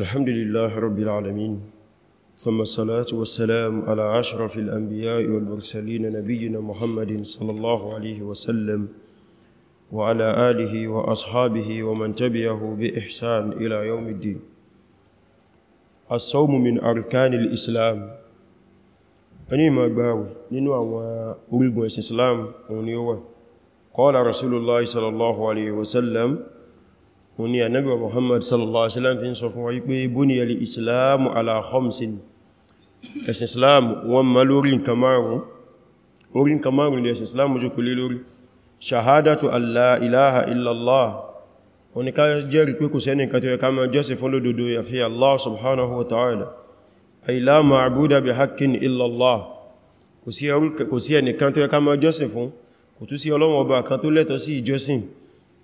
الحمد لله رب العالمين ثم الصلاة والسلام على أشرف الأنبياء والمرسلين نبينا محمد صلى الله عليه وسلم وعلى آله وأصحابه ومن تبعه بإحسان إلى يوم الدين الصوم من أركان الإسلام أني ما أقباوي ننوى وأريد إسلام ونيوى قال رسول الله صلى الله عليه وسلم òní ànábì wa Muhammad sallallahu alaihi wasallam fi ń sọ fún wa wípé buniyal islamu ala khamsin ẹ̀sìn islam wọ́n ma lórí nǹkan márùn-ún orí nǹkan márùn-ún ni ẹ̀sìn islam jókòó lé lórí ṣahádàtù alla ilaha illallah òní ká jẹ́rìí pé kò sẹ́ni nǹkan tó yẹ ká máa jọ́sìn fún lódodo àfi Allah subhanahu wa ta'ala àìlá ma'abuda sí ẹnìkan tó yẹ ká jọ́sìn fún kò tún sí Ọlọ́run ọba kan tó lẹ́tọ̀ọ́ sí ìjọ́sìn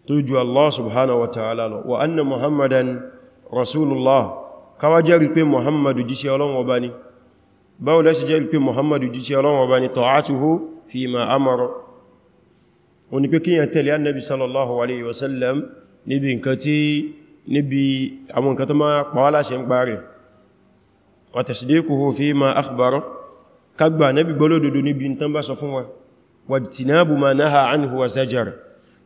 tó ju Allah subhanahu wa ta'ala lọ wa anna muhammadan rasulullah káwà jẹ́rì pé muhammadu jíṣẹ́ ọlọ́run ọba ni báwo lẹ́ṣe jẹ́rì pé muhammadu jíṣẹ́ ọlọ́run ọba ni ta'atuhu fi ma amara ó ní pé kíyàn tẹ̀lé annabi sallallahu alaihi wasallam níbi nǹkan tí níbi àwọn nǹkan tó máa pàwàláṣẹ ń parí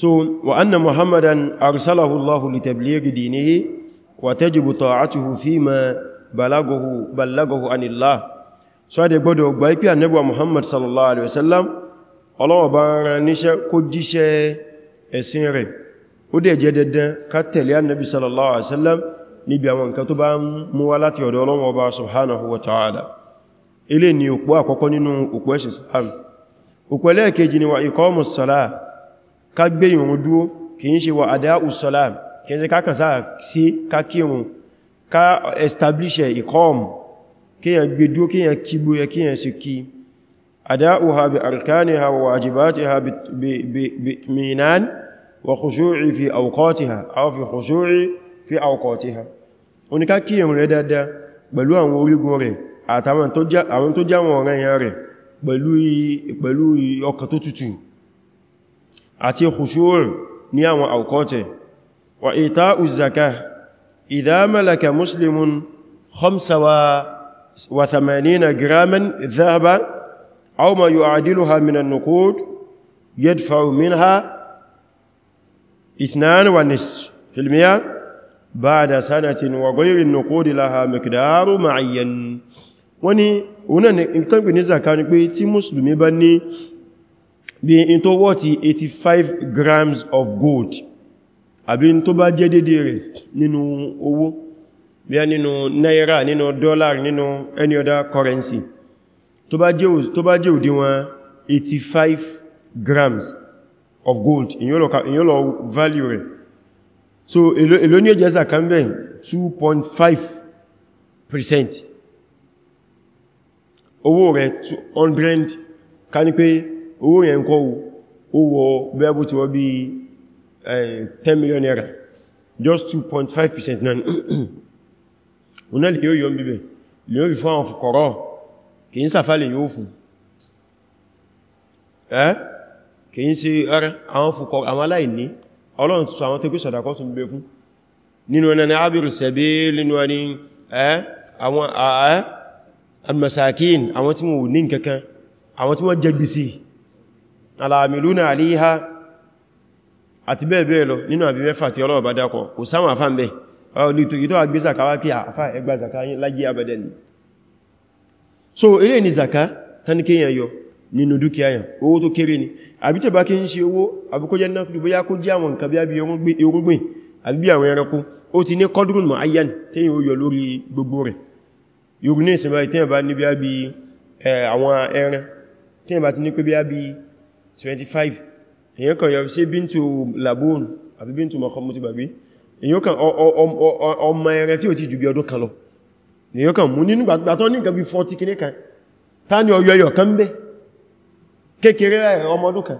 so wa anna muhammadan arsalahu allahu li tablighi dinihi wa tajibu ta'atuhu fi ma balagahu balagahu anillah so de gbọ́dọ̀ gba ipe annabi muhammad sallallahu alaihi wasallam Ọlọ́run bá rán níṣẹ́ kó jíṣẹ́ ẹ̀sìn rẹ̀ ó dẹ̀ dandan ká tẹ̀lé annabi sallallahu alaihi wasallam níbi àwọn nǹkan tó bá mú wá láti ọ̀dọ̀ Ọlọ́run ọba subhanahu wa ta'ala ilé ni òpó àkọ́kọ́ nínú òpó ẹ̀sìn islam òpó ẹlẹ́ẹ̀kejì ni wa iqamus salah ká gbé ìrun dúó kìí ṣe wà àdá ùsọ́lám kìí ṣe kákan sáà sí ká kírun ká establish ìkọ́ọ̀mù kíyàn gbé dúó kíyàn kí bóyẹ kíyàn sí kí àdá uha bi arkaniha wa wajibatiha bi minan wa khushu'i fi awqatiha aw fi khushu'i fi awqatiha oni ká kíyàn rẹ̀ dáadáa pẹ̀lú àwọn orígun rẹ̀ àtàwọn tó jáwọn ọ̀rẹ́yàn rẹ̀ pẹ̀lú ọkàn tó tutù àti khushu' ní àwọn àwòkọ́tẹ̀ wa ita'u zaka idha malaka muslimun khamsa wa thamanina graman dhahaba aw ma yu'adiluha min an-nuqud yadfa'u minha ithnan wa nisf fil mi'a ba'da sanatin wa ghayri an-nuqud laha miqdaru ma'ayyan wani wunan in tanbi ni zaka ni pé muslimi bá ní bí in tó wọ́tí 85 grams of gold àbí in tó bá jẹ́ dédé rẹ̀ nínú owó bí a nínú náírà nínú dollar nínú any other currency tó bá jẹ́ òdiwọ̀n 85 grams of gold ìyọ́n lọ value rẹ̀ so èló ní ẹjẹ́ zakambe 2.5 percent owó rẹ̀ 200 ká ní pé owó yẹn kọ́ ó wọ bẹ́ẹ̀bù ti wọ́ bí 10 million naira just 2.5% náà ọ̀nà lè yóò yọ bíbẹ̀ lè yóò fi fún àwọn fòkọ̀rọ̀ kì í sàfà lè yóò fún ẹ́ kì í sí ara àwọn fòkọ̀rọ̀ àwọn aláìní ọlọ́run tó àwọn tó pé sọ̀dàkọ́ tún bẹ fún nínú ẹni ábìrì sẹ̀bí nínú ẹni ẹ́ àwọn ààrẹ àwọn tí wọ́n ní nǹkankan àwọn tí wọ́n jẹ alamiluna aliha àti bẹ́ẹ̀ bẹ́ẹ̀ lọ nínú àbí mẹ́fà tí Ọlọ́run bá dákọ̀ kò sáwọn àfá ń bẹ́ olùtòyí tó àgbé zaka wá pí àfá ẹgbà zaka láyé abẹ́dẹ̀ so ilé ni zaka tán kéyàn yọ nínú dúkìá yàn ni àbí tẹ́bá kí ń ṣe owó àbúkójẹ́ náà kúrò bóyá kó jẹ́ àwọn nǹkan bí i orúgbìn àbí bí àwọn ẹranko ó ti ní kọ́dùrùn mọ̀ ayyan tẹ́yìn ó yọ lórí 25 èyàn kan yọ sí bíntù labun àbí bíntù mọ̀kànmù ti gbàgbé èyàn kan ọmọ ẹrẹ tí ó ti jù bí ọdún kan lọ èyàn kan mú nínú gbàtọ́ ní nǹkan bí 40 kìíní kan tá ní ọyọ ẹyọ kan bẹ́ kékeré ọmọ ọdún kan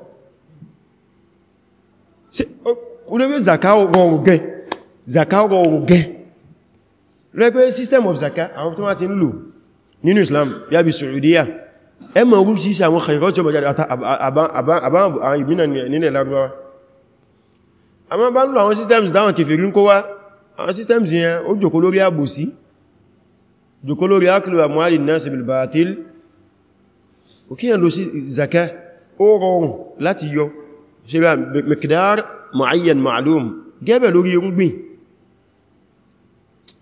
olóògbé zaka rọrùn gẹ zaka rọrùn gẹ rẹ́pẹ́ system of zaka àwọn tó wá ti ń lò nínú Islam yàbí Saudiya ẹmọ orísìíṣẹ́ àwọn kàìkọ́ tí ó mọ̀jáde àbáwọn ìbínà nílẹ̀ lágbàwá a máa bá ń lò àwọn systems dáwọn kèfèrí ń kó wá àwọn systems yẹn ó jòkó lórí àbòsí jòkó lórí ákìlò àmúhálì náà sí bilbatil òkíyàn ló sí zaka ó rọrùn láti yọ ṣe bá mekdar ma'ayyan ma'lum gẹ́bẹ̀ lórí irúgbìn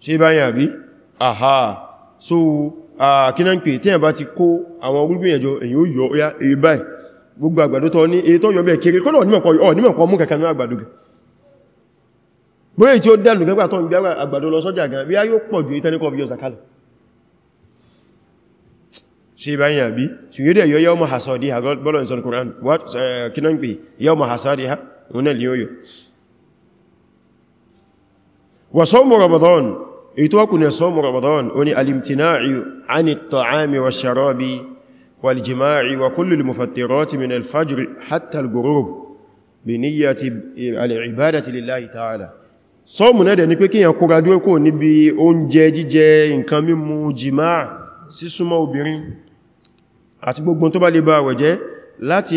ṣe bá yàbí aha so kíná ń pè tí ẹ̀ bá ti kó àwọn orúgbìn ẹjọ́ èyí ó yọ ọya èyí báyìí gbogbo àgbàdo tọ́ ní èyí tó yọ bẹ́ẹ̀ kéré kọ́lọ̀ onímọ̀kọ́ mú kankan ní àgbàdo gan bóyí tí ó dẹ̀lù gẹ́gbà tó ń gbé àgbàdo lọ sọ́jà gan bí a yóò pọ̀ ju ìtẹ́nikọ́ fi yọ sàkálẹ̀ ṣe báyìí àbí ṣùgbẹ́dẹ̀ yọ yọ́ mọ̀ hasadi ha bọ́lọ̀ ìsọ̀n Qur'an what kíná ń pè yọ́ mọ̀ hasadi ha wọn náà lè yóò yọ wa sawmu Ramadan ìtọ́kù ní sọ́mù Ramadan ó ní alimtina'i ani ta'ami wa sharabi wal jima'i wa kullu mufattirati min alfajr hatta al-ghurub bi niyyati al-ibadati lillahi ta'ala sọ́mù náà dẹ̀ ní pé kíyàn kóra dúró kò níbi oúnjẹ jíjẹ nǹkan mímu jima'a sísúnmọ́ obìnrin àti gbogbo tó bá lè bá àwẹ̀ jẹ́ láti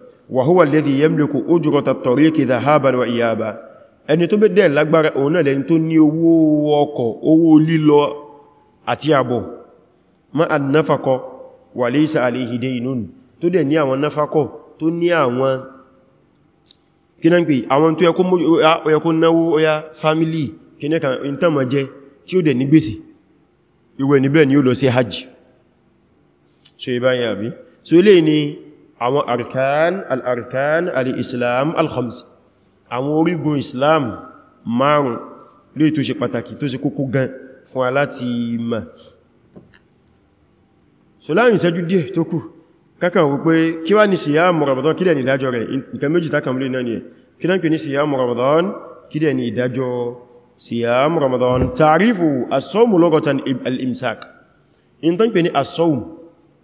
wa huwa alladhi yamliku ujrata at-tariqi dhahaban wa iyaban ẹni tó bẹ́ dẹ̀ lágbára òun náà lẹni tó ní owó ọkọ̀ owó lílọ àti àbọ̀ ma an-nafaqa wa laysa alayhi daynun tó dẹ̀ ní àwọn náfàkọ́ tó ní àwọn kínẹ́gbì àwọn tó yẹ náwó ọya fámílì kínẹ́kan àwọn arkan al'arkan al'islam al-khams àwọn orígun islam márùn lè tó ṣe pàtàkì tó ṣe kókó gan fún aláti ma so láàrin ìṣẹ́jú díẹ̀ tó kù kákan wípé kí wá ní síyàmù Ramadan kí dẹ̀ ní ìdájọ́ rẹ̀ nǹkan méjì tákàn lè náà ni ẹ̀ kí náà kí ní síyàmù Ramadan kí dẹ̀ ní ìdájọ́ síyàmù Ramadan tàrífù asọ́mù lọ́gọ́ta al-imsak in tán pè ní asọ́mù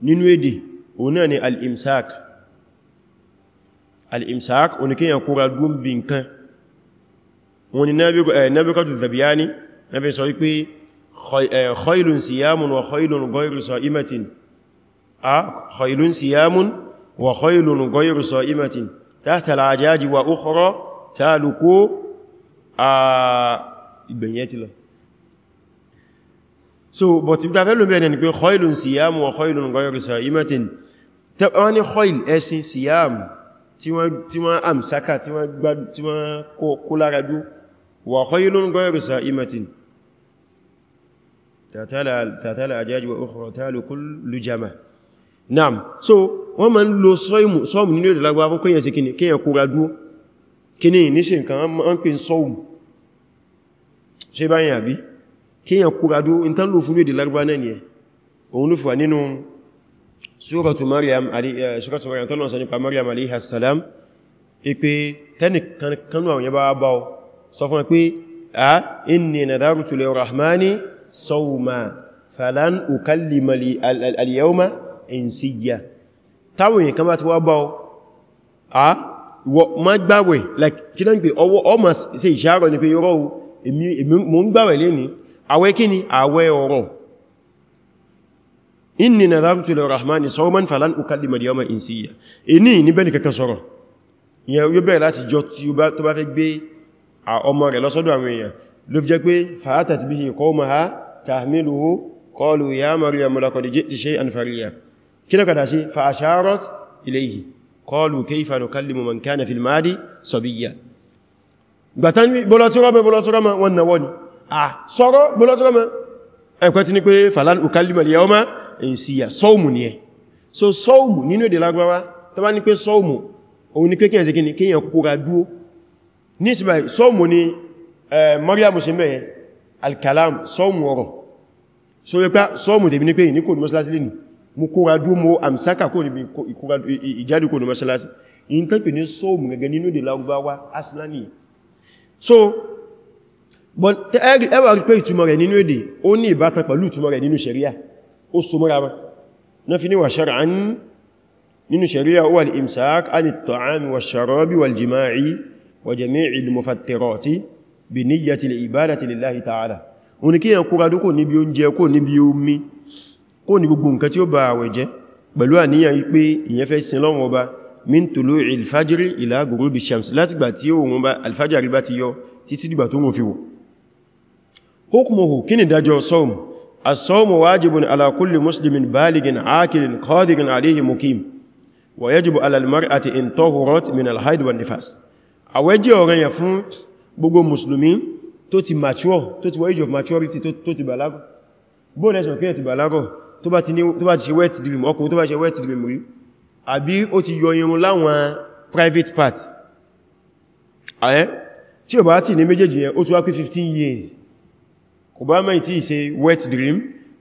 nínú èdè òun náà ni al-imsak al-imsak ó ní kíyàn kóra gómìnbí nǹkan wọn ni nabikatu zabiyani na fi sọ wípé khailun siyamun wa khailun ghayru sa'imatin a khailun siyamun wa khailun ghayru sa'imatin tahta ta ajaji wa ukhra taluku a ìgbẹ̀yẹ́ lọ so but if ta fẹ́ lóbi ẹni pé khailun siyamun wa khailun ghayru sa'imatin ta wani khail ẹsin siyamun tí wọ́n àmsákà tí wọ́n kó lára dú wà khaylun ghayru sa'imatin tàtàlà àjájú ọkùnrin tààlù kullu jama naam so wọ́n ma ń lo sọ́ọ̀mù nínú èdè lágbà fún kíyàn sí kíni kíyàn kó rádú kíni níṣẹ́ nǹkan wọ́n pè sọ́ọ̀mù ṣe báyìí àbí kíyàn kó rádú ìtàlù fún èdè lágbà náà ni ẹ̀ òun ló suratu maryam eh, tọ́lọ̀ sọ nípa maryam alayha salam ipe tẹ́nì kanú àwọn yẹba bá ọ sọ fún pé a inni nadartu lirrahmani sawma falan ukallima al-yawma insiyya táwọn èèyàn kan bá ti wá bá ọ a ma gbàwẹ̀ like kí náà pé ọwọ́ ọmọ ṣe ìṣàrọ̀ ní pé yọ́rọ̀ èmi mo ń gbàwẹ̀ lẹ́ni àwẹ̀ kíni àwẹ̀ ọ̀rọ̀ inni nadhartu lirrahmani sawman falan ukallima al-yawma insiya ẹni ni bẹ́ẹ̀ kankan sọ̀rọ̀ yẹn yó bẹ̀rẹ̀ láti jọ́ tí ó bá tó bá fẹ́ gbé a ọmọ rẹ̀ lọ sọ́dọ̀ àwọn èyàn ló fi jẹ́ pé fa'atat bihi qawmaha tahmiluhu qalu ya maryam laqad ji'ti shay'an fariya kila kada shi fa asharat ilayhi qalu kayfa nukallimu man kana fil madi sabiyya gbatan bolo ti ro ma won na woni ah sọ̀rọ̀ ma e ti ni pé falan ukallima al-yawma ìsìyà sọ́ọ̀mù ni ẹ so sọ́ọ̀mù nínú èdè lágbàwá tó bá ní pé sọ́ọ̀mù òun ni pé kíyàn sí kí ni kíyàn kóra dúó ní ìsìnbà sọ́ọ̀mù ni Maryamu ṣe mẹ́yẹn alkalam sọ́ọ̀mù ọ̀rọ̀ so wípá sọ́ọ̀mù tèmi ní pé ní kò ní mọ́sálásí lè nì mú kóra dúó mọ́ àmsáka kò níbi ìjádù kò ní mọ́sálásí aslani so but ẹwà rí pé ìtumọ̀ rẹ̀ nínú èdè ó ní ìbátan pẹ̀lú ìtumọ̀ rẹ̀ ó so mọ́ra wọn náà fi ní wà shar'an nínú sharia ó wà ní imsak ani ta'ami wa sharabi wal jima'i wa jami'il mufattirati bi niyyati li ibadati lillahi ta'ala ó ní kíyàn kóra dúkò níbi oúnjẹ kó níbi omi kó ní gbogbo nǹkan tí ó ba àwẹ̀ jẹ́ pẹ̀lú àníyàn wípé ìyẹn fẹ́ sin lọ́wọ́ ọba min ti yọ títí dìgbà tó wọ́n fi الصوم واجب على كل مسلم بالغ عاقل قادر عليه مقيم ويجب على المرأة إن طهرت من الحيض والنفاس àwẹ̀jẹ́ ọ̀ranyàn fún gbogbo mùsùlùmí tó ti mature tó ti age of maturity tó ti bàlágọ̀ bó lẹ́sọ̀ pé ti bàlágọ̀ tó bá ti ṣe wet dream ọkùnrin tó bá ṣe wet dream rí àbí ó ti yọ irun láwọn private part ayẹ́ tí ó bá ti ní méjèèjì yẹn ó tún wá pé 15 years kò bá mẹ́ tí ṣe wet dream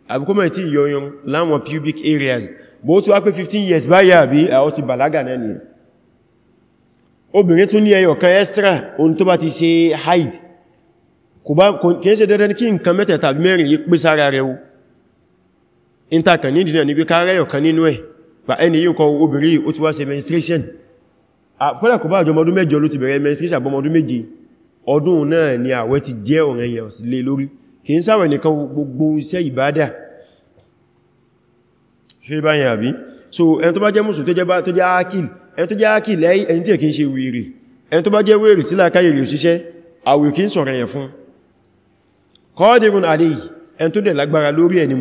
àbúkọ́ mẹ́ tí yọyọ láwọn pubic areas bó tí wá pé 15 years bá yà bí àwọn ti bàlágà náà ni obìnrin tún ní ẹyọ kan extra ohun tó bá ti ṣe hide kò bá kìí ṣe dandan kí nǹkan mẹ́tẹ̀ tàbí mẹ́rin yí pé sára rẹ̀ o intakan ní ìdínà níbi ká menstruation àpọ́lá kò bá àjọmọdún mẹ́jọ ló ti menstruation àbọ́mọdún méje ọdún náà ni àwẹ̀ ti jẹ́ ọ̀rẹ́yàn sílé lórí kì í sáwẹ̀ nìkan gbogbo iṣẹ́ ìbádà ṣe bá àbí so ẹni tó bá jẹ́ mùsùn tó jẹ́ ákìl ẹni tó jẹ́ ákìl ẹni tí kì í ṣe wèrè ẹni tó bá jẹ́ wèrè tí láàkáyè rẹ̀ òṣìṣẹ́ àwẹ̀ kì í sọ̀rọ̀ yẹn fún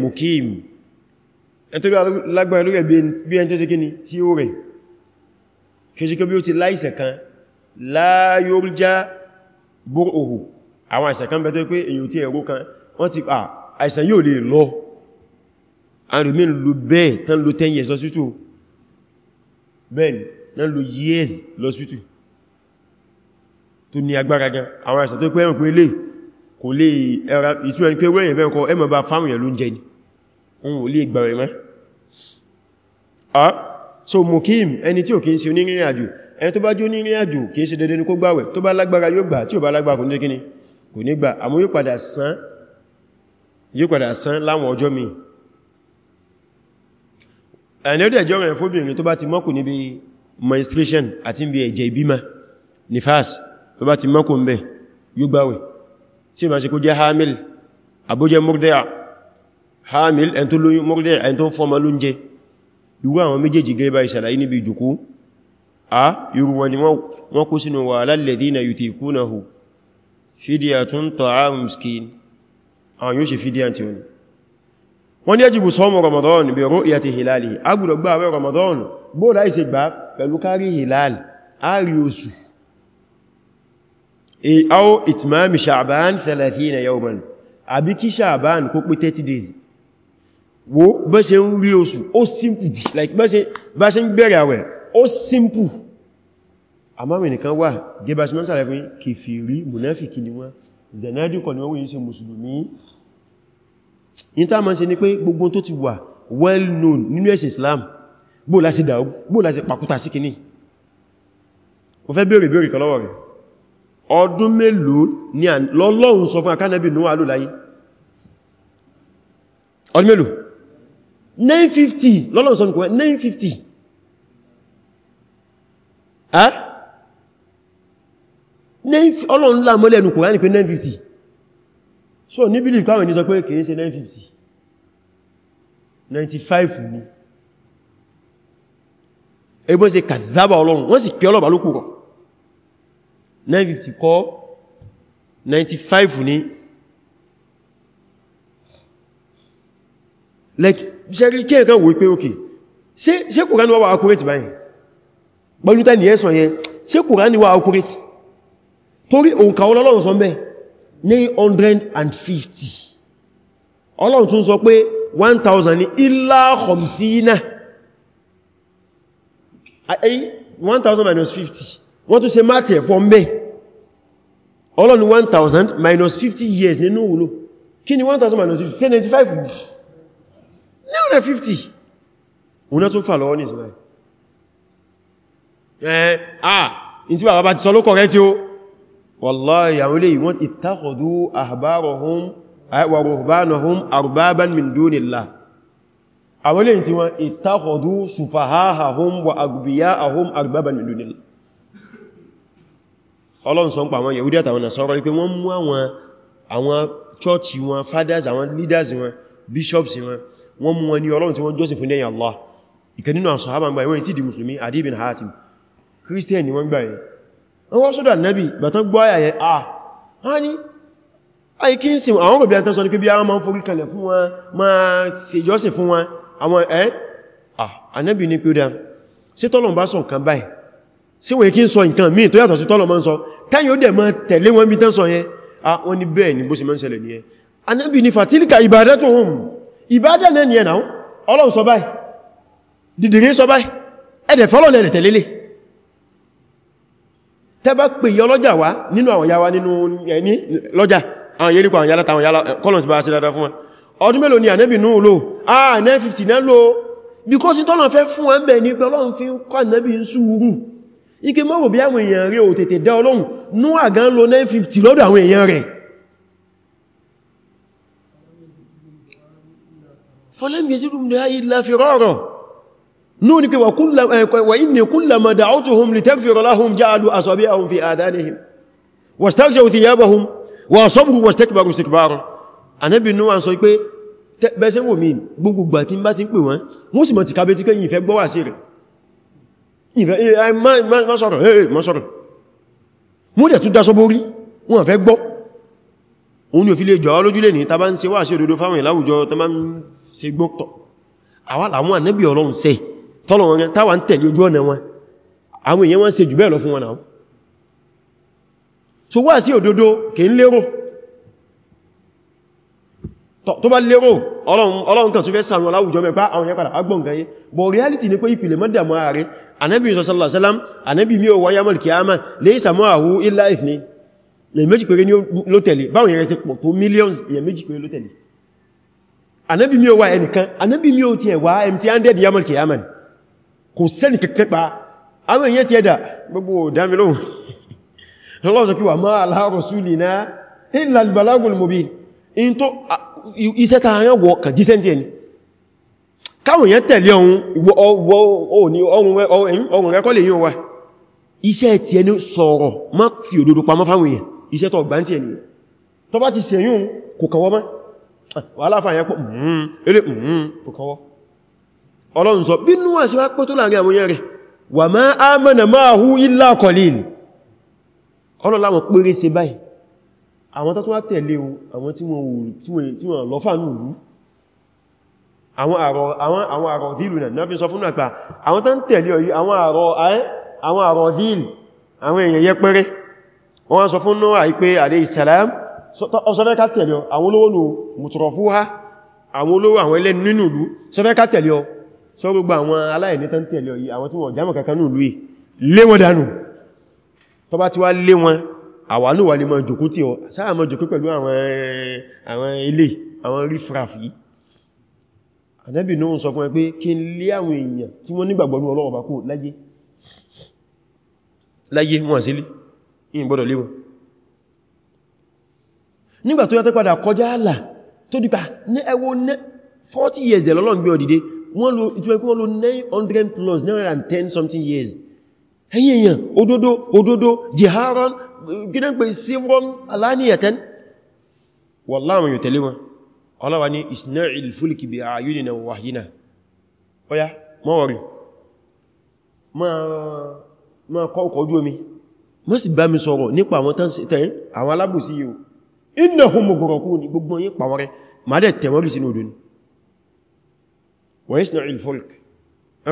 mukim ẹni tó lágbára lórí bí ẹni tó ṣe kíni tí ó rẹ̀ kìí bí ó ti láìsẹ̀ kan láyórjá bóòhù àwọn àìsẹ̀ kan pé èyí tí ẹ̀rọ kan wọ́n ti à ah, àìsàn yóò lè lọ àrùmí lò bẹ́ẹ̀ tán lò 10 years lọ́sítù bẹ́ẹ̀ni tán lò years lọ́sítù tó ní agbára gan àwọn àìsàn tó pé ẹ̀rùn pé lè kò lè ẹ̀rà ìtú ẹni pé wẹ́yìn bẹ́ẹ̀kọ́ ẹmọ̀ bá fáwọn èèyàn ló ń jẹ ni òun ò lè gbàrẹ̀ mẹ́ so mukim ẹni tí ò kí ń ṣe onírìn àjò ẹni tó bá jó onírìn àjò kìí ṣe dandan kó gbàwẹ̀ tó bá lágbára yóò gbà tí ò bá lágbára kò ní kíni kò ní gbà àmọ́ yóò padà san yóò padà san láwọn ọjọ́ mi ẹni ó dẹ̀ jọ rẹ̀ fóbìnrin tó bá ti mọ́kù níbi menstruation àti níbi ẹ̀jẹ̀ ìbímọ nifas tó bá ti mọ́kù ńbẹ̀ yóò gbáwẹ̀ tí ma ṣe kó jẹ́ hamil àbójẹ́ mọ́gdẹ́à hamil ẹni tó lóyún mọ́gdẹ́à ẹni tó ń fọ́mọ ló ń jẹ irú àwọn àwọn yóò ṣe fídíà tí wọ́n wọ́n ní ẹjìbù sọ́mù ramadan bí ru'yati hilali agbùdọ̀ gbà àwẹ́ ramadan bó láì ṣe gbà pẹ̀lú kárí hilal àrí oṣù àwọ e, ìtìmáàmì sha'ban 30 yawman àbí kí sha'ban kó pé 30 days wo bẹ́ ṣe ń rí oṣù ó simple like bẹ́ ṣe ń gbẹ̀rẹ̀ àwẹ̀ ó simple àmọ́ zanadikọ̀ ni wọ́n ṣe mùsùlùmí in ta ma ṣe ni pé gbogbo tó ti wà well known nínú ẹ̀sìn Islam bó la ṣe dàrú bó la ṣe pàkúta sí kìíní o fẹ́ bèèrè bèèrè kan lọ́wọ́ rẹ̀ ọdún mélòó ni lọ́lọ́run sọ fún akánẹ́bì níwà ló láyé ọdún mélòó 950 lọ́lọ́run sọ nìkan 950 ah ọlọ́run lá mọ́lẹ̀ ẹnu Kùránì pé 950 so ní believe káwọn ní sọ pé kìí ṣe 950 95 ní ẹgbọ́n ṣe kàzábà ọlọ́run wọ́n sì pẹ́ ọlọ́bà ló kúrọ̀ 950 kọ́ 95 ní like ṣẹ́rí kí ẹ̀kan wò pé òkè ṣe Kùránì wà accurate báyìí pẹ̀lú tẹ́ ni ẹ̀sọ̀ yẹn ṣe Kùránì wà accurate torí òǹkà ọlọ́run sọ mẹ́ ní 150 ọlọ́run tún sọ pé 1000 ní ilá khamsina ayi 1000 minus 50 wọ́n tún ṣe máàtì ẹ̀fọ́ mẹ́ ọlọ́run 1000 minus 50 years nínú òwúlò kí ni 1000 minus 50 say 95 950 òun náà tún fà lọ́wọ́ ní ìsinmi ẹ̀ ah in tí bàbá ti sọ ló kọ̀rẹ́ tí ó wallahi àwọn ilé ìwọ̀n ittakhadhu ahbarahum wa ruhbanahum arbaban min dunillah àwọn ilé tí wọ́n ittakhadhu sufahahum wa agbiyahum arbaban min dunillah ọlọ́run sọ ń pa àwọn yahudi àtàwọn nasọ́rọ̀ wípé wọ́n mú àwọn àwọn chọ́ọ̀chì wọn fathers àwọn leaders wọn bishops wọn wọ́n mú wọn ní ọlọ́run tí wọ́n jọ́sìn fún lẹ́yìn Allah ìkẹ́ nínú àwọn sọ̀hábà wọ́n sọ́dọ̀ annabi bàtán gbọ́ ayẹyẹ ah wọ́n ni àìkí ń sin àwọn òbí àtàṣọ́ ní pé bí àwọn máa ń forí kalẹ̀ fún wọn máa ṣèjọ́sìn fún wọn àwọn ẹ́ ah annabi ní pé ó dá sí tọ́lọ̀ bá sọ nǹkan báyìí sí wọ́n kí ń sọ nǹkan míì tó yàtọ̀ ah wọ́n ní bẹ́ẹ̀ ni bó sì máa ń ṣẹlẹ̀ nìyẹn annabi ní fatilka ibadatuhum ibada náà nìyẹn náà ọlọ́run sọ báyìí dìdìrí tẹ́bá pè yọ lọ́jà wá nínú àwọn yáwá nínú ẹni lọ́jà àwọn yẹ́ nípa àwọn yálátà àwọn yálá columns bá sí dáadáa fún wọn ọdún mélòó ni ànẹ́bì náà lò ah 950 náà lò because tọ́nà fẹ́ fún wọn bẹ̀ ní pé ọlọ́run fi ń ike mọ́wò bí àwọn èèyàn rẹ̀ ò tètè dá ọlọ́run Nóà gan lò 950 lọ́dọ̀ àwọn èèyàn rẹ̀ fọ́lẹ́mìí sí rúmdá ilẹ̀ fi nú ni pé wà inni kullama da'awtuhum litaghfira lahum ja'alu asabi'ahum fi adhanihim wastaghshaw thiyabahum wa asabru wastakbaru istikbara Ànábì Nuh an sọ pé bẹ́sẹ̀ wò mí gbogbogbà tí bá ti ń pè wọ́n wọ́n sì mọ̀ ti kàbẹ̀ tí kẹ́ yìí fẹ́ gbọ́ wà sí rẹ̀ eh, eh, wọ́n dẹ̀ tún dá sọ́bórí wọ́n fẹ́ gbọ́ òun yóò fi lè jọ lójúlé ní tàbá ń ṣe tọ́lọ̀ wọn táwà ń tẹ̀lé ojú ọ̀nà wọn àwọn èèyàn wọ́n ṣe jù bẹ́ẹ̀ lọ fún wọn náà so wá sí òdodo kì ń lérò tó bá lérò ọlọ́run kan tó fẹ́ sàrùn aláwùjọ mẹ́pá àwọn yẹn padà agbọ́n gan yé but reality ni pé ìpìlẹ̀ mọ́dà mọ́ ààrẹ anẹ́bì sallallahu alaihi wasallam anẹ́bì mi ò wáyá mọ́lì kí a máa lè ìsàmọ́ àhú ilá ìfní èyàn méjì péré ní ló tẹ̀lé báwọn yẹn rẹ̀ pọ̀ tó millions èyàn méjì péré ló tẹ̀lé anẹ́bì mi ò wá ẹnìkan anẹ́bì mi ò tiẹ̀ wá mt100 yamọ́lì kí a máa kò sẹ́ni kẹ́kẹ́ pa àwọn èyẹ ti ẹ̀dà gbogbo dámi lóhun lọ́lọ́sọ̀ kí wà máa aláàrọ̀ súlì náà illa al-balagul mubin in tó iṣẹ́ ta àyán wọ kàn jíṣẹ́ tí ẹni káwọn èyẹ tẹ̀lé ọrùn rẹ̀ kọ́lẹ̀ yíò wá iṣẹ́ ti ẹni sọ̀rọ̀ má fi òdodo pamọ́ fáwọn èyẹ iṣẹ́ tó gbá tí ẹni tó bá ti ṣe yún kò kọwọ́ mọ́ ah, wà láfàáyẹ́ ọlọ́run sọ bí Nóà sí wá pẹ́ tó láàrin àwọn yẹn rẹ̀ wà máa ámànà máa hú ilá kọlìl ọlọ́láwọn péré ṣe báyìí àwọn tó wá tẹ̀lé ohun àwọn tí wọ́n lọ fàánù ìlú àwọn àrọ̀ dìlù náà fi sọ fún àpá àwọn tó ń tẹ̀lé ọ̀yí àwọn àrọ̀ dìlù àwọn èèyàn yẹ péré wọ́n sọ fún Nóà pé àdé ìsẹ̀lám ọsọfẹ́ tẹ̀lé ọ sọ gbogbo àwọn aláìní tán tẹ̀lé ọ̀yí àwọn tí wọ́n jámọ̀ kankan nù lúì lé wọn dànù tó bá ti wá lé wọn àwa náà wà lè mọ́ jòkó tí ọ sáà mọ́ jòkó pẹ̀lú àwọn ilé àwọn rífrafí Ànábì Nuhu sọ fún ẹ pé kí n lé àwọn èèyàn tó padà kọjá àlà tó dípa ní ẹwọ́ 40 years dẹ̀ lọ́lọ́n gbé ọdìdé wọ́n lò ìtùwẹ́kú wọ́n lò 900 plus 910 something years ẹ̀yìn èèyàn òdodo òdodo jiharon gídẹ́gbẹ̀ síwọ́n aláníyàtẹ́n wọ́láwọn yóò tẹ̀lé wọn ọlọ́wà ní isna'il fúlìkì bí ayúni na wàhína ọya mọ́wọ̀rí ma kọ́kọ́ ojú omi mọ́ sì bá mi sọ̀rọ̀ nípa àwọn tẹ́yìn àwọn alábòsí yìí ويصنع الفلك ما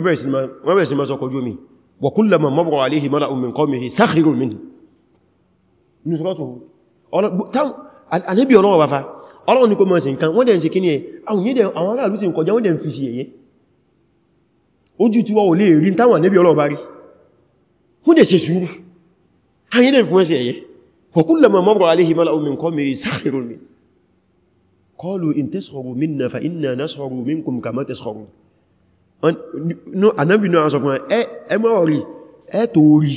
بيسن ما سوق جومي وكلما مر عليه ملأ من قومه سخروا منه نسراته ànábì Ọlọ́run bá fa Ọlọ́run ní kó mọ́ sí nǹkan wọ́n dẹ̀ ń ṣe kí ní ẹ̀ àwọn yẹ́dẹ̀ àwọn aláàlú sí nǹkan wọ́n dẹ̀ ń fi ṣe ẹ̀yẹ ojú tí wọ́n ò lè rí táwọn ànábì Ọlọ́run bá rí wọ́n dẹ̀ ṣe sùúrù qalu in tasgharu minna fa inna nasgharu minkum kama tasgharun no Ànábì no sọ fún ẹ ẹ má ori ẹ tó rí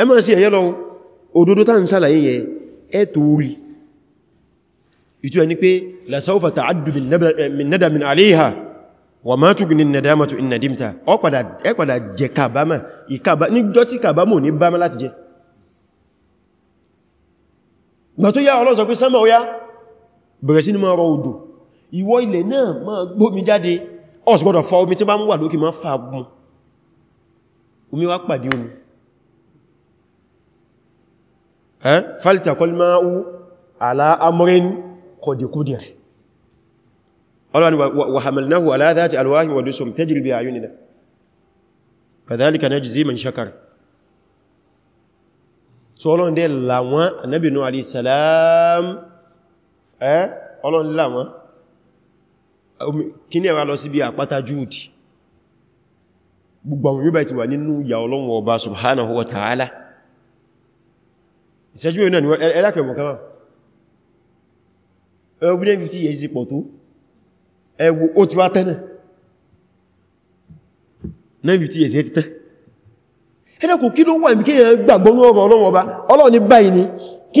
ẹ má ṣe ẹ̀yẹ lọ òdodo tá ń ṣàlàyé ẹ tó rí itu ẹni pé la sawfa ta'addu min nadamin alayha wa ma tughni an-nadamatu in nadimta ó padà ẹ padà jẹ kabama ikaba ni jo ti kabamo ni bama láti jẹ gbà tó yá Ọlọ́run sọ ó yá bẹ̀rẹ̀ sí ní máa rọ odò ìwọ ilẹ̀ náà máa gbómi jáde ọ̀sọ̀gbọ́dọ̀ fa omi tí bá ń wà lókè máa fa mú omi wá pàdé omi ẹ́ faltakọl máa ú ala amrin kọdìkúdìr ọlọ́ni wa hamalnahu ala dhati alwahi wa dusum tajri bi ayunina kadhalika najzi man shakar làwọn annabi nuh ẹ́ ọlọ́run là wọ́n kí ní ẹ̀rà lọ sí bí àpáta Júùdì gbogbo àwọn yóò bá ti wà nínú ìyà ọlọ́run ọba subhanahu wa ta'ala ìṣẹ́jú ìrìnà ni ẹlákẹ̀mọ̀ kan ẹgbẹ́ 50 years pọ̀ tó ẹwọ ó ti wá tẹ́nà 950 years yẹ́ ti tẹ́ ẹlẹ́kùn kí ló wà ní kí èèyàn gbàgbọ́ ní ọ̀rọ̀ ọlọ́run ọba ọlọ́run ní báyìí ni kí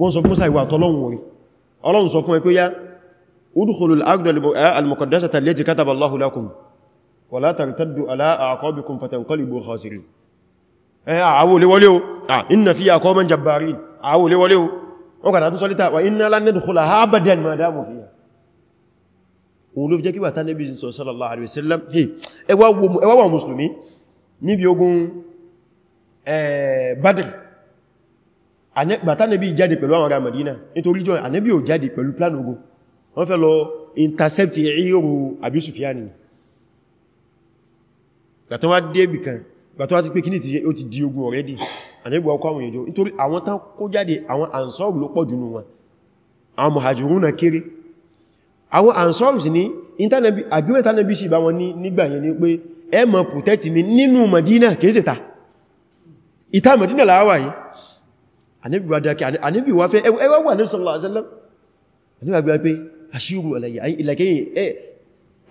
wọ́n sọ Musa ìwà tọ́lọ́run orí ọlọ́run sọ fún ẹ pé yá udkhulul ardal muqaddasata allati kataba Allahu lakum wa la tartaddu ala a'qabikum fatanqalibu khasirin eh ah, awo le wọlé o ah inna fiha qawman jabbarin awo le wọlé o wọ́n kada tún solita wa inna lan nadkhulaha abadan ma damu fiha wọ́n ló jẹ́ kí wà tánàbí sallallahu alaihi wasallam hey ẹwà wà mùsùlùmí níbi ogun eh, Badr bàtánẹ́bí jáde pẹ̀lú àwọn ará Madina nítorí jọ ànẹ́bí ò jáde pẹ̀lú plan ogun wọ́n fẹ́ lọ intercept ìrò Abi Sufyan gbàtán wá dé ibìkan gbàtán wá ti pé kí ní ti di ogun already ànẹ́bí wá kó àwọn èjò nítorí àwọn tán kó jáde àwọn ansọ́rù ló pọ̀ jùnú wọn àwọn muhajirun náà kéré àwọn ansọ́rù sì ní agreement ànẹ́bí sì bá ni pé Madina kìí ṣe Madina làwà yìí ànábì wá dákẹ́ ànábì wá fẹ́ ẹwà wà ní sallallahu alaihi wasallam ànábì wá gbé pé àṣírù ọ̀lẹ́yà ìlẹ̀kẹ́yìn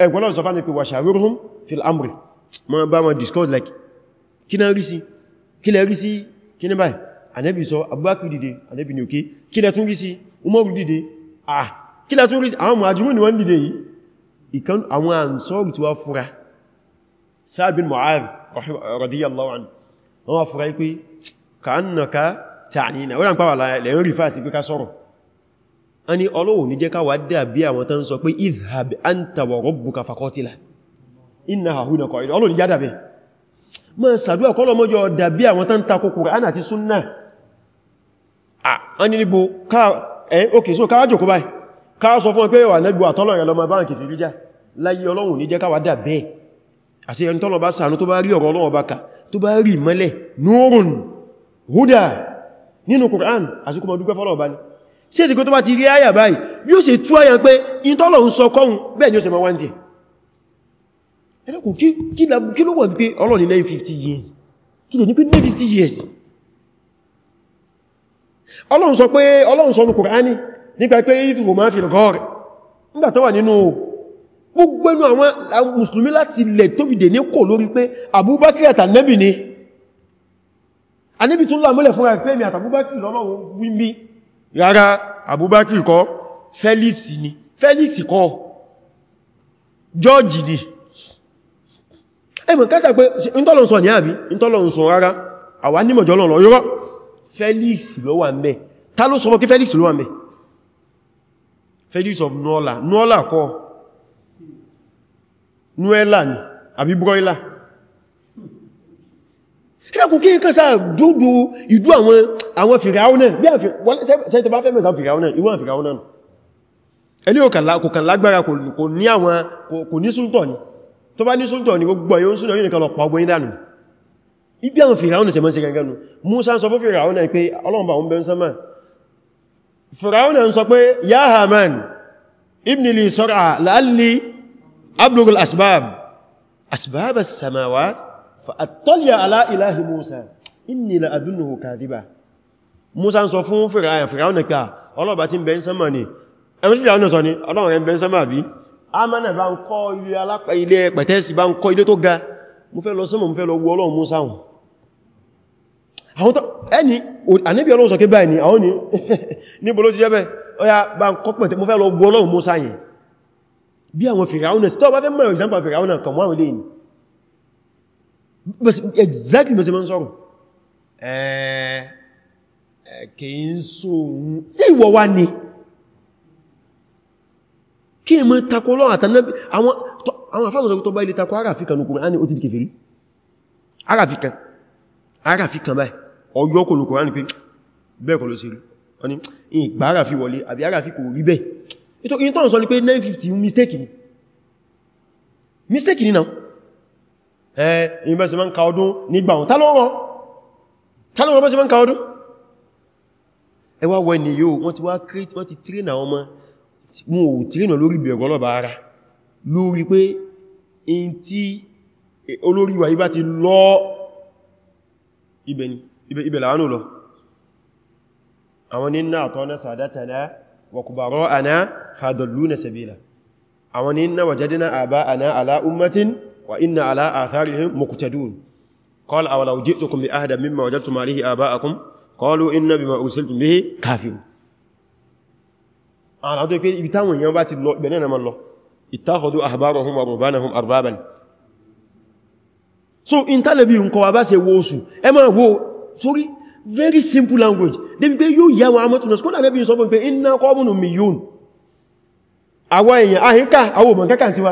ẹgbọ́n náà sọ fánà pé washawiruhum fil amri ma bá wọn discuss like kí náà rí sí kí lẹ rí sí kí ní báyìí ànábì sọ Abubakar dìde ànábì ní òkè kí lẹ tún rí sí Umaru dìde ah kí lẹ tún rí sí àwọn mọ̀hájúmù ni wọ́n dìde yìí ìkan àwọn àǹsọ́rù tí wá fura tààníìnà ó dàmpá wà lẹ́yìn rí fásí pé ká sọ́rọ̀ a ní Ọlọ́hun ní jẹ́ ká wà dàbí àwọn tán sọ pé izhab anta wa rabbuka faqatila inna hahuna qa'id Ọlọ́hun ní já dàbí ma sàdúwà kọ́lọ mọ́jọ dàbí àwọn tán takò Kùránì àti súnnà a ní níbo ká ẹ̀ ókè so káwàjò kó báyìí ká sọ fún pé wà lẹ́gbù àtọ́lọ̀ rẹ̀ lọmọ báǹkì fi ríjá láyé Ọlọ́hun ní jẹ́ huda nínú Qur'an àsìkò mọ̀ dúpẹ́ fọ́lọ̀ ọba ni sí èsìkò tó bá ti rí àyà báyìí bí ó ṣe tú àyà pé ìtọ́lọ̀ ń sọ kọ́hun bẹ́ẹ̀ ni ó ṣe ma wá ń tí ẹ̀lẹ́kùn kí ló wà ní pé ọlọ́ni years kí lè ní pé 950 years ọlọ́run sọ pé ọlọ́run sọ ní Kùránì nípa pé ìtùfò máa fi lọ́rẹ̀ nígbà tó wà nínú gbogbo ẹnu àwọn mùsùlùmí láti lẹ̀ tó fi dè ní kò lórí pé Abubakar àtànẹ́bì ni anábì tún lámúlẹ̀ fúnra pé mi àtàbúbákì lọ́lọ́run wí mí rárá àbúbákì kọ́ felix ni felix kọ́ george ni ẹmọ̀ kásà pé ìntọ́lọ̀nsọ ní àbí ìntọ́lọ̀nsọ rárá àwa nímọ̀jọ́lọ̀ lọ yọ́rọ̀ felix ló wà ńbẹ̀ ta ló sọ pé felix ló wà ńbẹ̀ felix of nuola nuola kọ́ nuela ni àbí broiler ẹ̀dàkù kí n kàn sáà dúdú ìdú àwọn fìràúnà bí i ṣẹ́tẹ̀ bá fẹ́ mẹ́sàn fìràúnà ìwọ̀n fìràúnà ẹni kò kàn lágbára kò ní àwọn kò ní súntọ̀ ni tó bá ní súntọ̀ ni gbogbo yóò súnà yóò nìkan lọ pa ọgbọ́n ìdánù ibi àwọn fìràúnà sẹ̀mọ́ sí ganganu Musa sọ fún fìràúnà pé ọlọ́mbà ń bẹ ń sánmà fìràúnà sọ pé ya Haman ibni li sọ́rà fa'attaliya ala ilahi musa inni la adunnuhu kadhiba musa sọ fún fir'aun fir'aun ka ọlọ́ba tí ń bẹ ń sánmà ni ẹmí sí fir'aun sọ ni ọlọ́run ẹ̀ ń bẹ ń sánmà bí a mẹ́nà bá ń kọ́ ilé alápẹ̀ ilé pẹ̀tẹ́sì bá ń kọ́ ilé tó ga mo fẹ́ lọ sánmà mo fẹ́ lọ wo ọlọ́run exactly bẹ̀sẹ̀ mọ́ sọ́rọ̀ kìí ń so ohun sí ìwọ wá ní kí mọ́ takọ lọ́wọ́ àtànábí àwọn afẹ́mọ̀sọ̀ tó bá ilé takọ aráfíkan ní Kùránì ó ti di kèfèrí aráfíkan aráfíkan báyìí ọjọ́ kò ní Kùránì pé bẹ́ẹ̀ kọ́ ló sí rí ọni ìgbà aráfí wọlé àbí aráfí kò rí bẹ́ẹ̀ ìbẹ̀sẹ̀ ma ń ka ọdún nígbà wọn tálọ́wọ́n tálọ́wọ́n bẹ́sẹ̀ ma ń ka ọdún ẹwà wọ ni yóò wọ́n ti wá kírítì wọ́n ti tírínà ọmọ mú ò tírínà lórí bẹ̀rọ lọ́bàá ara lórí pé in tí olórí wà ibá ti lọ ibẹ̀ láánú lọ àwọn nínà wàkùbàrọ́ àná fàdọ̀lú na sàbílà àwọn nínà wàjádínà àbá àná alá وإن على آثارهم مقتدون قال أولو جئتكم بأهدى مما وجدتم عليه آباءكم قالوا إن بما أرسلتم به كافر àwọn àdó pé ibi táwọn èèyàn bá ti lọ ìgbẹ̀nẹ́ ìrìnàmà lọ ittakhadhu ahbarahum wa rubanahum arbaban so in tálẹ̀bí nǹkan wà bá ṣe wo oṣù ẹ máa wo sorry very simple language débi pé yóò yà wọn amọ́tún náà skọ́dà lẹ́bí sọ fún pé inna qawmun ummiyun àwọn èèyàn àhíká àwọn òmọ̀ kẹ́kà tiwa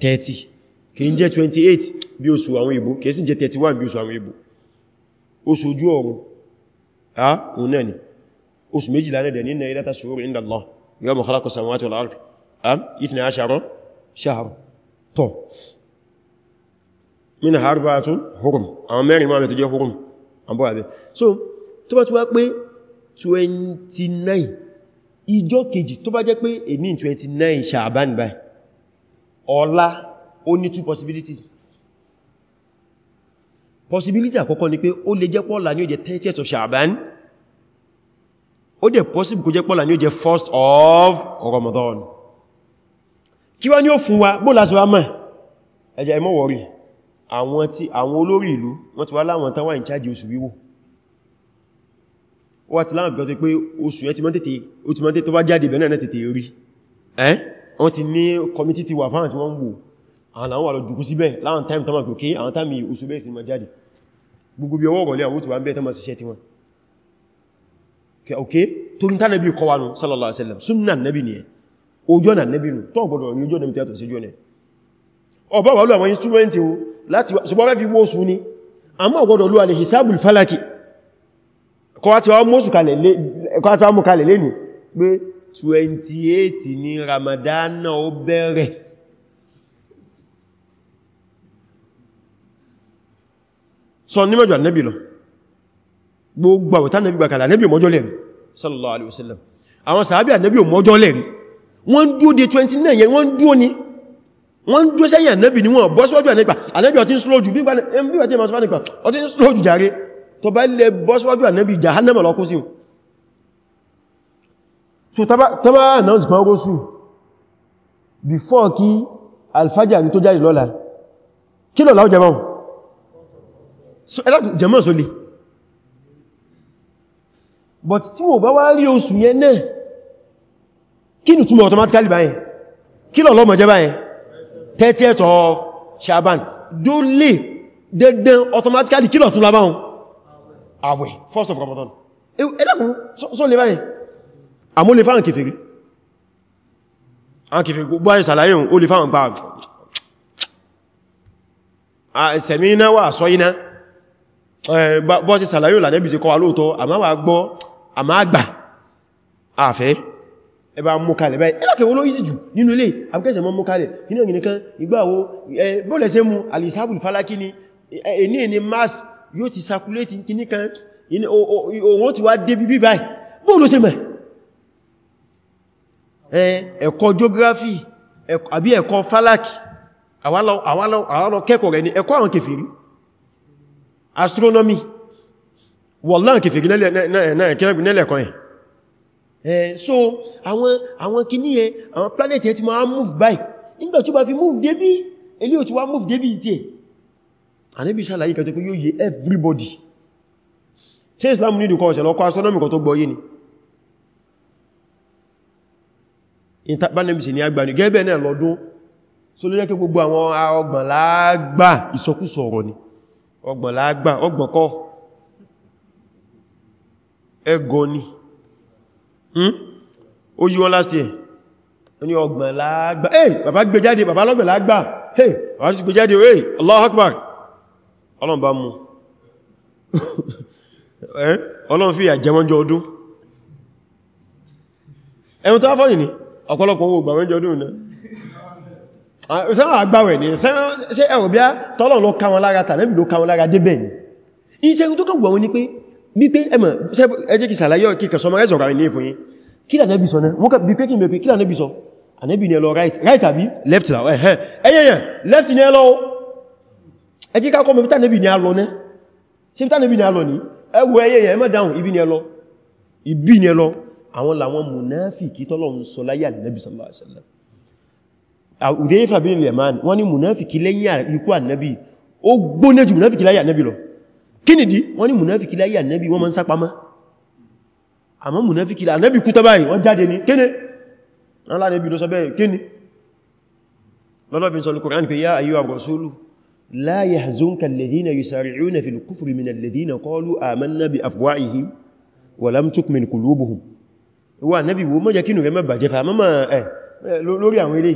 30 kìí jẹ́ 28 bí oṣù àwọn ìbò kìí sì jẹ́ 31 bí oṣù àwọn ìbò oṣù ojú ọ̀run ha òun náà ni oṣù méjìlá nẹ́dẹ̀ ní náà ìdáta ṣòro inda Allah yawma khalaqa ithna ashara shahra tọ́ min arba'atun hurum àwọn mẹ́rin máa mẹ́tọ̀ jẹ́ hurum so tó bá ti wá pé 29 ìjọ kejì tó bá jẹ́ pé èmi 29 Sha'ban ọ̀la ó ní two possibilities possibility àkọ́kọ́ ni pé ó lè jẹ́ pọ́ọ̀la ní ó jẹ́ 30th of Sha'ban ó dẹ̀ possible kó jẹ́ pọ́ọ̀la ní ó jẹ́ 1st of Ramadan kí wá ní ó fún wa bó lásì wá mọ̀ ẹjẹ́ ẹmọ́ wọ̀rí àwọn tí àwọn olórí ìlú wọ́n ti wá láwọn tán wà ní chájì oṣù wíwò ó wà ti láwọn gbọ́tẹ̀ pé oṣù yẹn ti mọ́ tètè rí ẹ́ wọ́n ti ní kọmítí ti wà fáwọn tí wọ́n ń wò àwọn àwọn jùkú síbẹ̀ láwọn time tọ́mà pé kí àwọn time oṣù bẹ́ẹ̀ sí ma jáde gbogbo bí ọwọ́ ọ̀gọ̀lẹ́ àwọn òtùwà ń bẹ́ tọ́mà síṣẹ́ ti wọn ok sallallahu alaihi wasallam sunna nàbí ni ẹ ojú ọ̀nà nàbí nù tó gbọdọ̀ ní ojú ọ̀nà mìtẹ́tọ̀ sí ojú ọ̀nà ọba wà lú àwọn instrument wo láti hisabul falaki kọwa ti wá mú kalẹ̀ lẹ́nu pé 28 ní Ramadan náà ó bẹ̀rẹ̀ sọ ní mọ́jọ ànẹ́bì lọ gbogbo àwẹ̀tá ànẹ́bì gbàkàlà ànẹ́bì mọ́jọ́ lẹ́rí sallallahu alaihi wasallam àwọn sàábì ànẹ́bì mọ́jọ́ lẹ́rí wọ́n ń dúó de 29 yẹn wọ́n ń dúó ni wọ́n ń dúó sẹ́yìn ànẹ́bì ni wọ́n bọ́ síwájú ànẹ́bì ànẹ́bì ọtí ń slow jù bí wà tí ma sọ fánìgbà ọtí ń slow jù jàre tó bá lẹ bọ́ síwájú ànẹ́bì jahannama lọ kó síun so tàbá announce pa orósù before kí alfajari tó jáde lọ́la kí lọ́la ó jẹmọ́ jẹmọ́ sólè but tí wọ́n bá wá rí oṣù yẹn náà kí ni túnmọ̀ automatically báyẹn kí lọ́lọ́ mọ̀ jẹ́ báyẹn 30th of Shaban dole dandan automatically kí lọ tún lábáhùn àwẹ̀ 1st of Ramadan ẹ̀dàkùn sólè báyẹn àmúlé fáwọn kèfèrí àwọn kèfèrí gbogbo ayé sàlàyé òun ó lè fáwọn pa ẹ̀sẹ̀mí iná wà sọ iná bọ́ sí sàlàyé òlànẹ́bì sí kọ́ wa lóòtọ́ àmáwà gbọ́ àmágbà àfẹ́ ẹba mú kalẹ̀ báyìí ẹlọ́kẹ̀ wọ́n ló yìí jù nínú ilé àbúkẹ́sẹ̀ mọ́ mú kalẹ̀ nínú ni ẹni ni mass yóò ti sakulétì kìníkan òun ti ẹ̀kọ́ geography àbí ẹ̀kọ́ falaki àwálọ kẹ́kọ̀ọ́ rẹ̀ ni ẹ̀kọ́ àwọn kèfèrí astronomy wọ̀láàn kèfèrí nílẹ̀kọ́ so àwọn kìíní ẹ àwọn planet ẹ ti máa move by nígbà tí ó bá fi move débí elé ò ti wá move débí tí ẹ̀ àníbí sàlàyé kẹtọ́ pé yóò yé everybody ṣe Islam ní ìdíkọ́ astronomy kan tó gbọ́ ni ìtàbánibìsì ní agbàní gẹ́bẹ̀ náà lọ́dún so ló jẹ́ kí gbogbo àwọn ọgbọ̀n láàgbà ìsọkúsọ ọ̀rọ̀ ni ọgbọ̀n láàgbà ọgbọ̀n kọ́ ẹgọ́ ni hmm? ó yí wọ́n last year ní ọgbọ̀n láàgbà eh bàbá gbé jáde bàbá lọ́gbọ̀n láàgbà eh bàbá ti gbé jáde eh Allahu Akbar ọlọ́n bá mú eh? ọlọ́n fi àjẹmọ́jọ ọdún ẹ̀rùn tó wá fọ́nì ni ọ̀pọ̀lọpọ̀ owó gbàwẹ̀ jọdún náà sẹ́wọ̀n ah, àgbàwẹ̀ ní ṣe ẹ̀rọ bí á tọ́lọ̀ lọ káwọn lára tà lẹ́bì ló káwọn lára débẹ̀ ní iṣẹ́ tó kàn wọ̀n ní pé wípé ẹmọ̀ ẹjẹ́ kì sàlàyé kíkà sọmọ rẹ̀ sọ̀rọ̀ ilé fún yí kí lànẹ́bì sọ náà bí pé right right àbí left là ẹ̀hẹ́ ẹyẹyẹ left ni ẹ lọ ẹjẹ́ ká kọ́ mẹ́bí tànẹ́bì ni a lọ náà ṣe bí tànẹ́bì ni a lọ ní ẹwọ ibi ni ẹ ibi ni ẹ àwọn làwọn munafiki tọ́lọ́run sọ láyé ànábì sallallahu alaihi wasallam Udhayfa bin al-Yaman wọ́n ní munafiki lẹ́yìn ikú ànábì ó gbóná jù munafiki láyé ànábì lọ kí nìdí wọ́n ní munafiki láyé ànábì wọ́n máa ń sá pamọ́ àmọ́ munafiki láyé ànábì kú tọ́bá yìí wọ́n jáde ní kíni alánàbì ló sọ bẹ́ẹ̀ kíni lọ́lọ́bìn sọ al-Qur'an wà nẹ́bí wo mọ́ jẹ́ kínú rẹ̀ mẹ́bà jẹfà mọ́mọ́ ẹ̀ lórí àwọn ilé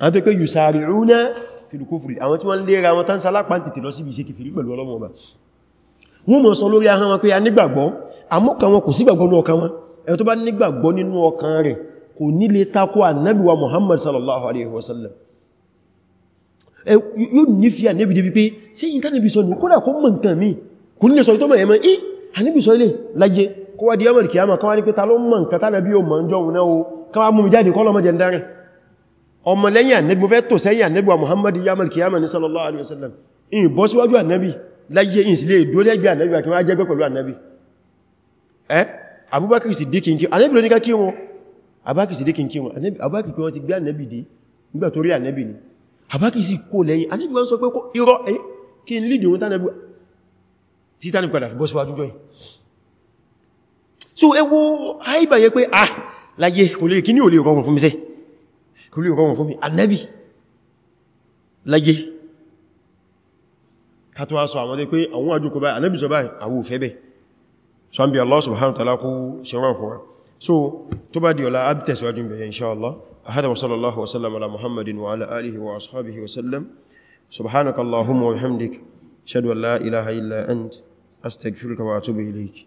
àwọn tó pé yùsàrí rúnà fìlùkúfùrì àwọn tí wọ́n lera wọn tán sálápá tètè lọ síbi iṣẹ́ kìfìrí pẹ̀lú ọlọ́mọ ọba wọ́n mọ̀ sọ lórí ahọ́n wọn a nígbàgbọ́ àmọ́kà wọn kò sígbàgbọ́ nínú ọkàn wọn ẹni tó bá nígbàgbọ́ nínú ọkàn rẹ̀ kò nílé takó ànábì Muhammad sallallahu alaihi wasallam e, yóò nífi ànábì débi pé sí ìtànàbì sọ ní kódà kó mọ̀ nǹkan mi kò nílé sọ ìtọ́mọ̀ ẹ̀mọ́ ì ànábì sọ ilé láyé kó wá di ọmọ ìkìyàmà kan wá ní pé ta ló mọ̀ nǹkan tánà bí o mọ̀ ń jọ òun náà o Muhammad yamọ̀ ìkìyàmà alaihi wasallam in bọ́ síwájú ànẹ́bì láyé in sílé ìdó lẹ́gbẹ̀ ànẹ́bì àkí wá jẹ́gbẹ́ pẹ̀lú ànẹ́bì ẹ́ Abubakar Siddiq kí ànẹ́bì ló ní ká kí wọn Abubakar Siddiq kí wọn Abubakar pé wọ́n ti gbé ànẹ́bì dé nígbà tó rí ànẹ́bì ni Abubakar sì kó lẹ́yìn ànẹ́bì wọ́n sọ pé irọ́ kí n lídìí wọn tánẹ́bì tí tánẹ́bì padà fi bọ́ so ewo haiba ye pé ah láyé kò lè kíní ò lè rọrùn fún mi ṣe kò lè rọrùn fún mi ànábì láyé ká tó wá sọ àwọn de pé àwọn aju ko báyìí ànábì sọ báyìí awu fẹ́ bẹ́ẹ̀ so an bi allah subhanahu wa ta'ala ku ṣe ran fún wa so tó bá di ọ̀la ab tẹ̀sí wájú be insha wa sallallahu wa sallam ala muhammadin wa ala alihi wa ashabihi wa sallam subhanakallahumma wa bihamdik ashhadu an la ilaha illa ant astaghfiruka wa atubu ilayk